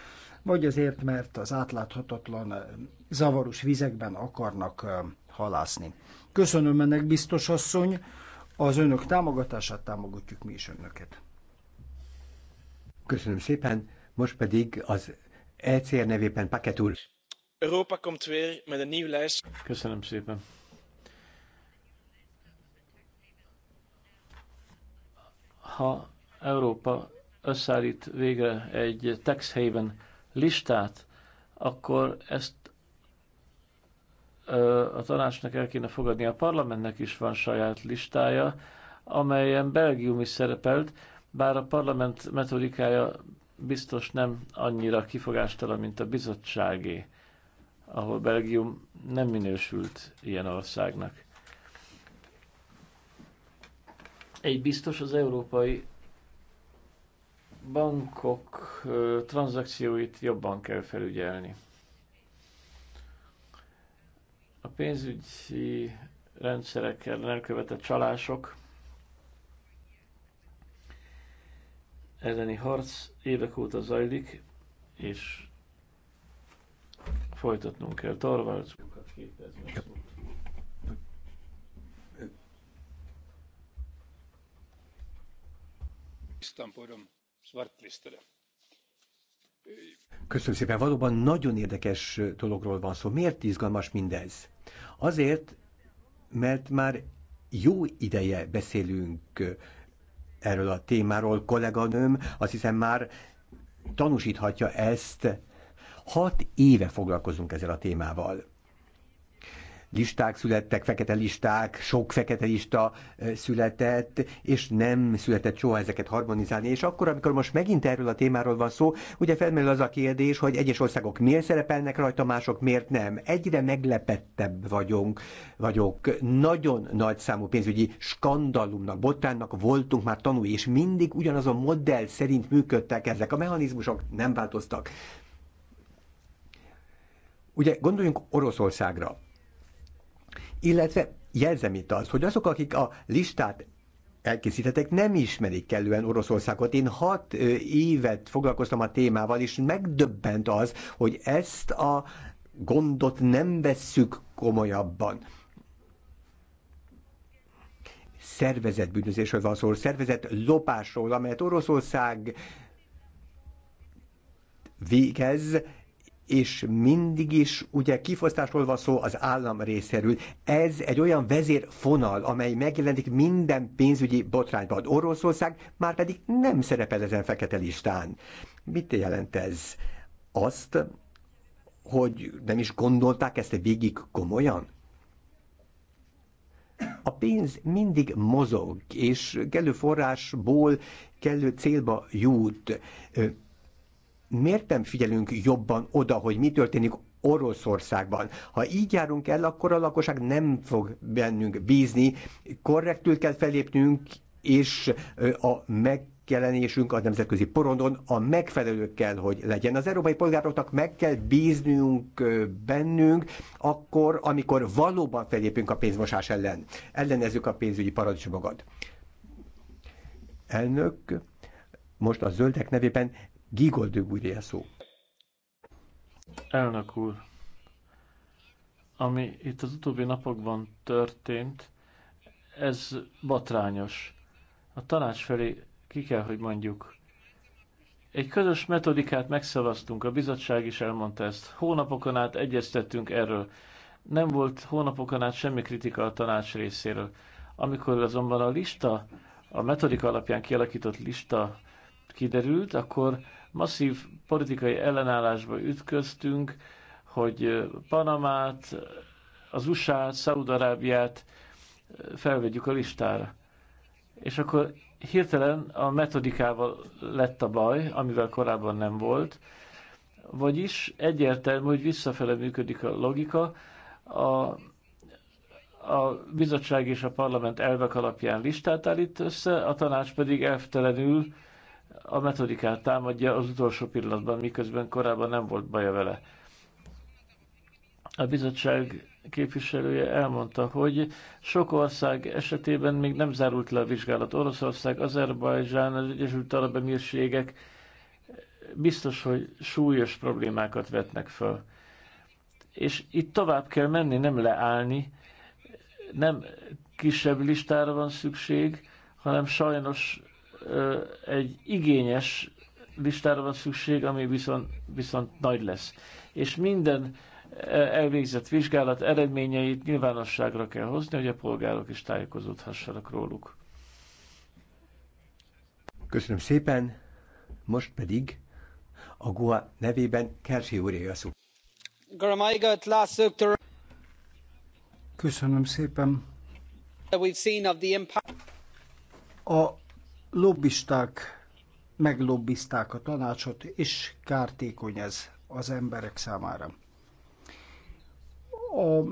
vagy azért, mert az átláthatatlan zavaros vizekben akarnak halászni. Köszönöm ennek, biztos asszony! az önök támogatását támogatjuk mi is önöket. Köszönöm szépen, most pedig az ECR nevében Paket úr. Európa komt weer met een nieuw lijst. Köszönöm szépen. Ha Európa összeállít végre egy tax haven listát, akkor ezt a tanácsnak el kéne fogadni, a parlamentnek is van saját listája, amelyen Belgium is szerepelt, bár a parlament metodikája biztos nem annyira kifogástalan, mint a bizottságé, ahol Belgium nem minősült ilyen országnak. Egy biztos az európai bankok tranzakcióit jobban kell felügyelni. A pénzügyi rendszerekkel elkövetett csalások elleni harc évek óta zajlik, és folytatnunk kell. Torvalds Köszönöm szépen, valóban nagyon érdekes dologról van szó. Miért izgalmas mindez? Azért, mert már jó ideje beszélünk erről a témáról, kolléganőm, azt hiszem már tanúsíthatja ezt. Hat éve foglalkozunk ezzel a témával listák születtek, fekete listák, sok fekete lista született, és nem született soha ezeket harmonizálni. És akkor, amikor most megint erről a témáról van szó, ugye felmerül az a kérdés, hogy egyes országok miért szerepelnek rajta, mások miért nem. Egyre meglepettebb vagyunk, vagyok. Nagyon nagy számú pénzügyi skandalumnak, botránnak voltunk már tanulni, és mindig ugyanaz a modell szerint működtek ezek. A mechanizmusok nem változtak. Ugye gondoljunk Oroszországra illetve jelzem itt azt, hogy azok, akik a listát elkészítettek, nem ismerik kellően Oroszországot. Én hat évet foglalkoztam a témával, és megdöbbent az, hogy ezt a gondot nem vesszük komolyabban szervezett bűnözésről van szó, szervezett lopásról, amelyet Oroszország végez, és mindig is ugye kifosztásról van szó az állam részéről. Ez egy olyan vezérfonal, amely megjelenik minden pénzügyi botrányban. Oroszország már pedig nem szerepel ezen fekete listán. Mit jelent ez? Azt, hogy nem is gondolták ezt végig komolyan? A pénz mindig mozog, és kellő forrásból kellő célba jut miért nem figyelünk jobban oda, hogy mi történik Oroszországban. Ha így járunk el, akkor a lakosság nem fog bennünk bízni, korrektül kell felépnünk, és a megjelenésünk a nemzetközi porondon a megfelelő kell, hogy legyen. Az európai polgároknak meg kell bíznünk bennünk, akkor, amikor valóban felépünk a pénzmosás ellen. Ellenezzük a pénzügyi paradicsomokat. Elnök, most a zöldek nevében Gigoldő úr szó. Elnök úr, ami itt az utóbbi napokban történt, ez batrányos. A tanács felé ki kell, hogy mondjuk. Egy közös metodikát megszavaztunk, a bizottság is elmondta ezt. Hónapokon át egyeztettünk erről. Nem volt hónapokon át semmi kritika a tanács részéről. Amikor azonban a lista, a metodika alapján kialakított lista kiderült, akkor masszív politikai ellenállásba ütköztünk, hogy Panamát, az USA-t, Szaudarábiát felvegyük a listára. És akkor hirtelen a metodikával lett a baj, amivel korábban nem volt, vagyis egyértelmű, hogy visszafele működik a logika, a a bizottság és a parlament elvek alapján listát állít össze, a tanács pedig elvtelenül a metodikát támadja az utolsó pillanatban, miközben korábban nem volt baja vele. A bizottság képviselője elmondta, hogy sok ország esetében még nem zárult le a vizsgálat. Oroszország, Azerbajdzsán, az Egyesült Arab Emírségek biztos, hogy súlyos problémákat vetnek föl. És itt tovább kell menni, nem leállni, nem kisebb listára van szükség, hanem sajnos egy igényes listára van szükség, ami viszont, viszont nagy lesz. És minden elvégzett vizsgálat eredményeit nyilvánosságra kell hozni, hogy a polgárok is tájékozódhassanak róluk. Köszönöm szépen, most pedig a Goa nevében Kersi úr a szó. Köszönöm szépen. A lobbisták meglobbizták a tanácsot, és kártékony ez az emberek számára. A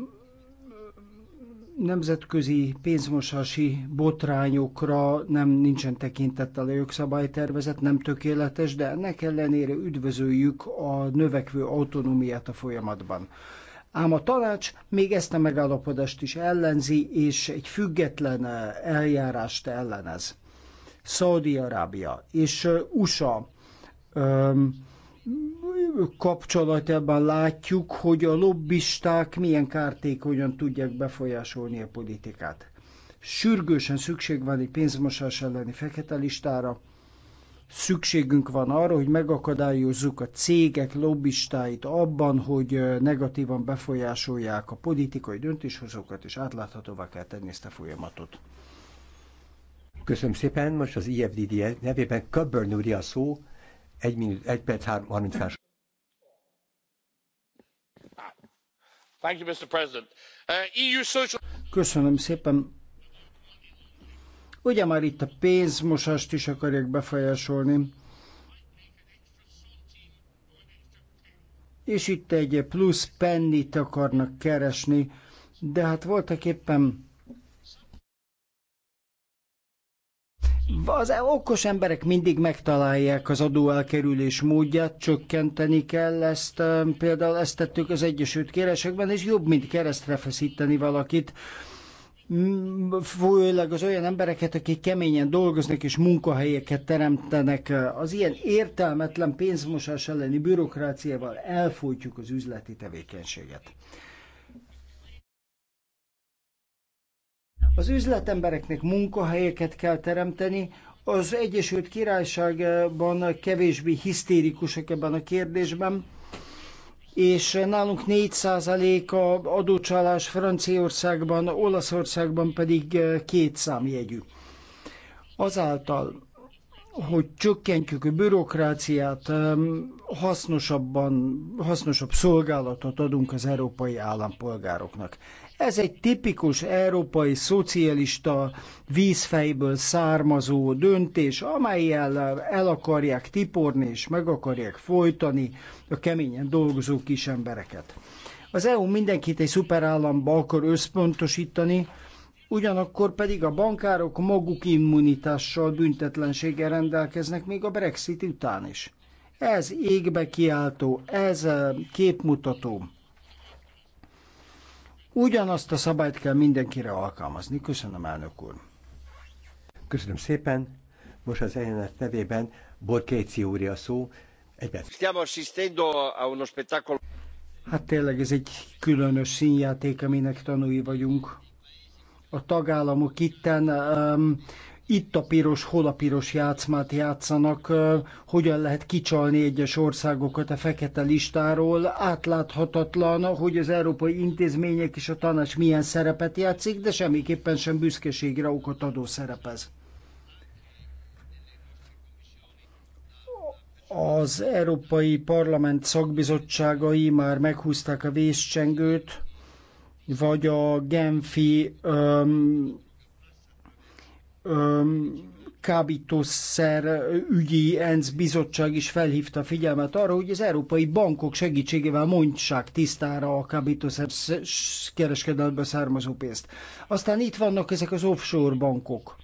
nemzetközi pénzmosási botrányokra nem nincsen tekintettel a jogszabálytervezet, nem tökéletes, de ennek ellenére üdvözöljük a növekvő autonómiát a folyamatban. Ám a tanács még ezt a megállapodást is ellenzi, és egy független eljárást ellenez. Szaudi-Arábia és USA kapcsolatában látjuk, hogy a lobbisták milyen kártékonyan tudják befolyásolni a politikát. Sürgősen szükség van egy pénzmosás elleni fekete listára, szükségünk van arra, hogy megakadályozzuk a cégek lobbistáit abban, hogy negatívan befolyásolják a politikai döntéshozókat, és átláthatóvá kell tenni ezt a folyamatot. Köszönöm szépen, most az IFDD nevében Köbbörn úr a szó, egy, minut, egy perc, három, 30 más. Uh, e Köszönöm szépen. Ugye már itt a pénzmosást is akarják befolyásolni. És itt egy plusz pennit akarnak keresni, de hát voltak éppen Az okos emberek mindig megtalálják az adóelkerülés módját, csökkenteni kell ezt, például ezt tettük az Egyesült Kéresekben, és jobb, mint keresztre feszíteni valakit, mm, főleg az olyan embereket, akik keményen dolgoznak és munkahelyeket teremtenek. Az ilyen értelmetlen pénzmosás elleni bürokráciával elfolytjuk az üzleti tevékenységet. Az üzletembereknek munkahelyeket kell teremteni, az Egyesült Királyságban kevésbé hisztérikusak ebben a kérdésben, és nálunk 4% a adócsalás Franciaországban, Olaszországban pedig eh, két számjegyű. Azáltal, hogy csökkentjük a bürokráciát, hasznosabban, hasznosabb szolgálatot adunk az európai állampolgároknak. Ez egy tipikus európai szocialista vízfejből származó döntés, amelyel el akarják tiporni és meg akarják folytani a keményen dolgozó kis embereket. Az EU mindenkit egy szuperállamba akar összpontosítani, ugyanakkor pedig a bankárok maguk immunitással, büntetlenséggel rendelkeznek még a Brexit után is. Ez égbe kiáltó, ez eh, képmutató. Ugyanazt a szabályt kell mindenkire alkalmazni. Köszönöm, elnök úr. Köszönöm szépen. Most az ENF nevében Borkéci úr a szó. Egyben. Stiamo assistendo a uno spettacolo. Hát tényleg ez egy különös színjáték, aminek tanúi vagyunk. A tagállamok itten um, itt a piros, hol a piros játszmát játszanak, hogyan lehet kicsalni egyes országokat a fekete listáról, átláthatatlan, hogy az európai intézmények és a tanács milyen szerepet játszik, de semmiképpen sem büszkeségre okot adó szerepez. Az Európai Parlament szakbizottságai már meghúzták a vészcsengőt, vagy a Genfi um, kábítószer ügyi ENSZ bizottság is felhívta a figyelmet arra, hogy az európai bankok segítségével mondsák tisztára a kábítószer kereskedelmből származó pénzt. Aztán itt vannak ezek az offshore bankok.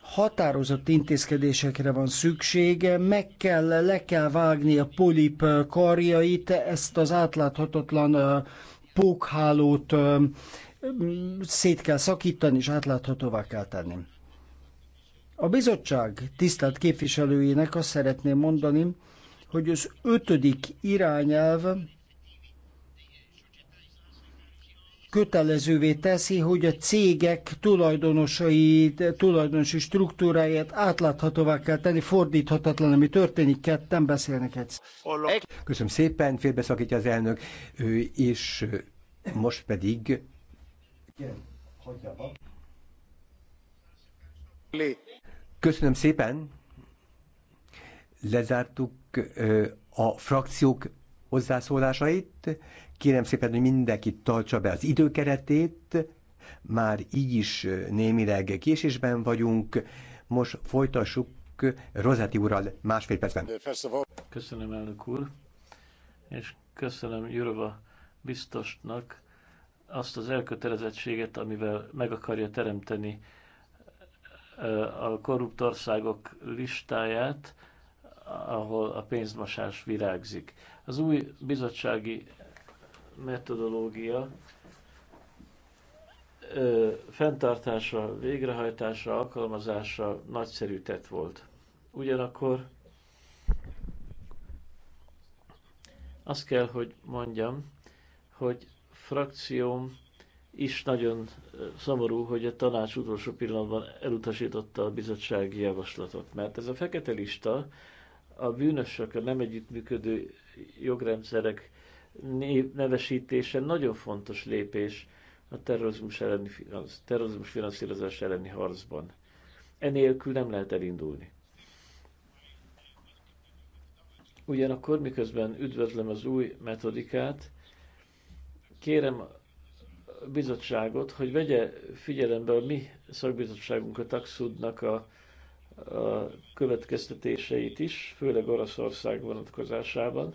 Határozott intézkedésekre van szüksége, meg kell, le kell vágni a polip karjait, ezt az átláthatatlan pókhálót szét kell szakítani és átláthatóvá kell tenni. A bizottság tisztelt képviselőjének azt szeretném mondani, hogy az ötödik irányelv kötelezővé teszi, hogy a cégek tulajdonosai, tulajdonosi struktúráját átláthatóvá kell tenni, fordíthatatlan, ami történik, ketten beszélnek egyszer. Köszönöm szépen, félbeszakítja az elnök, és most pedig Köszönöm szépen. Lezártuk a frakciók hozzászólásait. Kérem szépen, hogy mindenki tartsa be az időkeretét. Már így is némileg késésben vagyunk. Most folytassuk Rozeti úrral másfél percben. Köszönöm, elnök úr, és köszönöm Jurova biztosnak azt az elkötelezettséget, amivel meg akarja teremteni a korrupt országok listáját, ahol a pénzmosás virágzik. Az új bizottsági metodológia ö, fenntartása, végrehajtása, alkalmazása nagyszerű tett volt. Ugyanakkor azt kell, hogy mondjam, hogy frakcióm is nagyon szomorú, hogy a tanács utolsó pillanatban elutasította a bizottsági javaslatot, mert ez a fekete lista a bűnösök, a nem együttműködő jogrendszerek nevesítése nagyon fontos lépés a terrorizmus, elleni, terrorizmus finanszírozás elleni harcban. Enélkül nem lehet elindulni. Ugyanakkor miközben üdvözlöm az új metodikát, Kérem a bizottságot, hogy vegye figyelembe a mi szakbizottságunk, a taxudnak a, a következtetéseit is, főleg Oroszország vonatkozásában,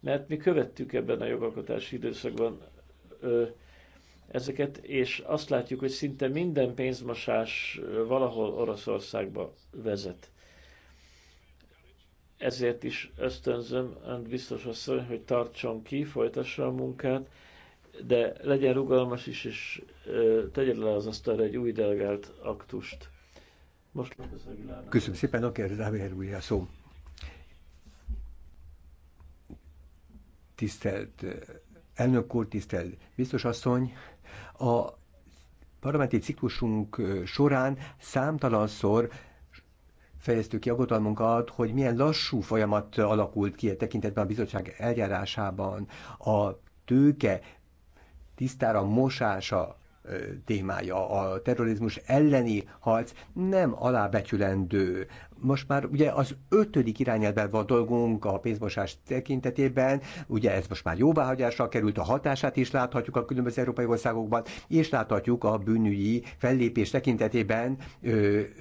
mert mi követtük ebben a jogalkotási időszakban ö, ezeket, és azt látjuk, hogy szinte minden pénzmosás valahol Oroszországba vezet. Ezért is ösztönzöm, biztos asszony, hogy tartson ki, folytassa a munkát, de legyen rugalmas is, és tegyél le az asztalra egy új delegált aktust. Most Köszönöm szépen, akár a a szó. Tisztelt elnök úr, tisztelt biztos asszony, a parlamenti ciklusunk során számtalanszor fejeztük ki aggodalmunkat, hogy milyen lassú folyamat alakult ki a e tekintetben a bizottság eljárásában. A tőke tisztára mosása témája, a terrorizmus elleni harc nem alábecsülendő most már ugye az ötödik irányelben van dolgunk a pénzmosás tekintetében, ugye ez most már jóváhagyásra került, a hatását is láthatjuk a különböző európai országokban, és láthatjuk a bűnügyi fellépés tekintetében,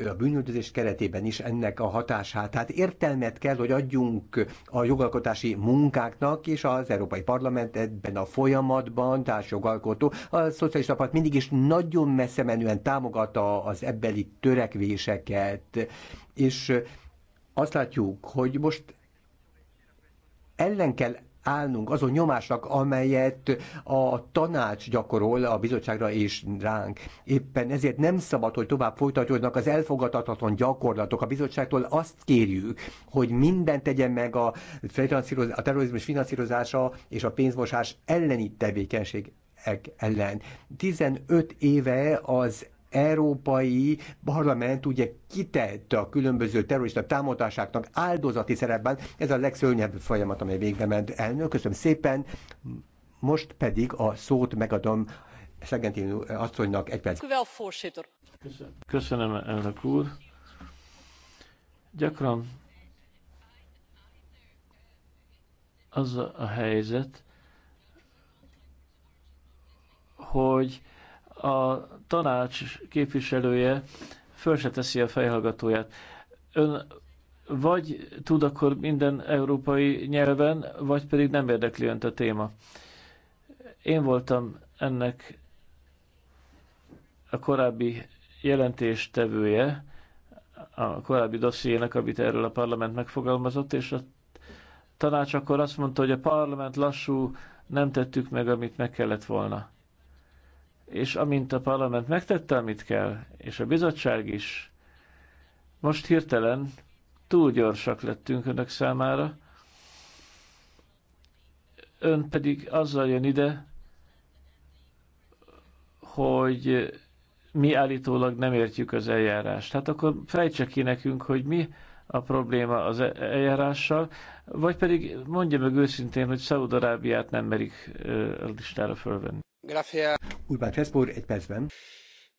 a bűnöldözés keretében is ennek a hatását. Tehát értelmet kell, hogy adjunk a jogalkotási munkáknak, és az Európai Parlament ebben a folyamatban, társjogalkotó, a szocialista párt mindig is nagyon messze menően támogatta az ebbeli törekvéseket, és azt látjuk, hogy most ellen kell állnunk azon nyomásnak, amelyet a tanács gyakorol a bizottságra és ránk. Éppen ezért nem szabad, hogy tovább folytatódnak az elfogadhatatlan gyakorlatok. A bizottságtól azt kérjük, hogy mindent tegyen meg a, a terrorizmus finanszírozása és a pénzmosás elleni tevékenység ellen. 15 éve az Európai Parlament ugye kitett a különböző terrorista támadásáknak áldozati szerepben. Ez a legszörnyebb folyamat, amely végbe ment elnök. Köszönöm szépen. Most pedig a szót megadom Szegentén asszonynak egy perc. Köszönöm, elnök úr. Gyakran az a helyzet, hogy a tanács képviselője föl se teszi a fejhallgatóját. Ön vagy tud akkor minden európai nyelven, vagy pedig nem érdekli önt a téma. Én voltam ennek a korábbi jelentéstevője, a korábbi dossziének, amit erről a parlament megfogalmazott, és a tanács akkor azt mondta, hogy a parlament lassú, nem tettük meg, amit meg kellett volna és amint a parlament megtette, amit kell, és a bizottság is, most hirtelen túl gyorsak lettünk önök számára, ön pedig azzal jön ide, hogy mi állítólag nem értjük az eljárást. Hát akkor fejtse ki nekünk, hogy mi a probléma az e- eljárással, vagy pedig mondja meg őszintén, hogy Szaúd-Arábiát nem merik a listára fölvenni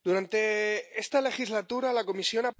durante esta legislatura la comisión.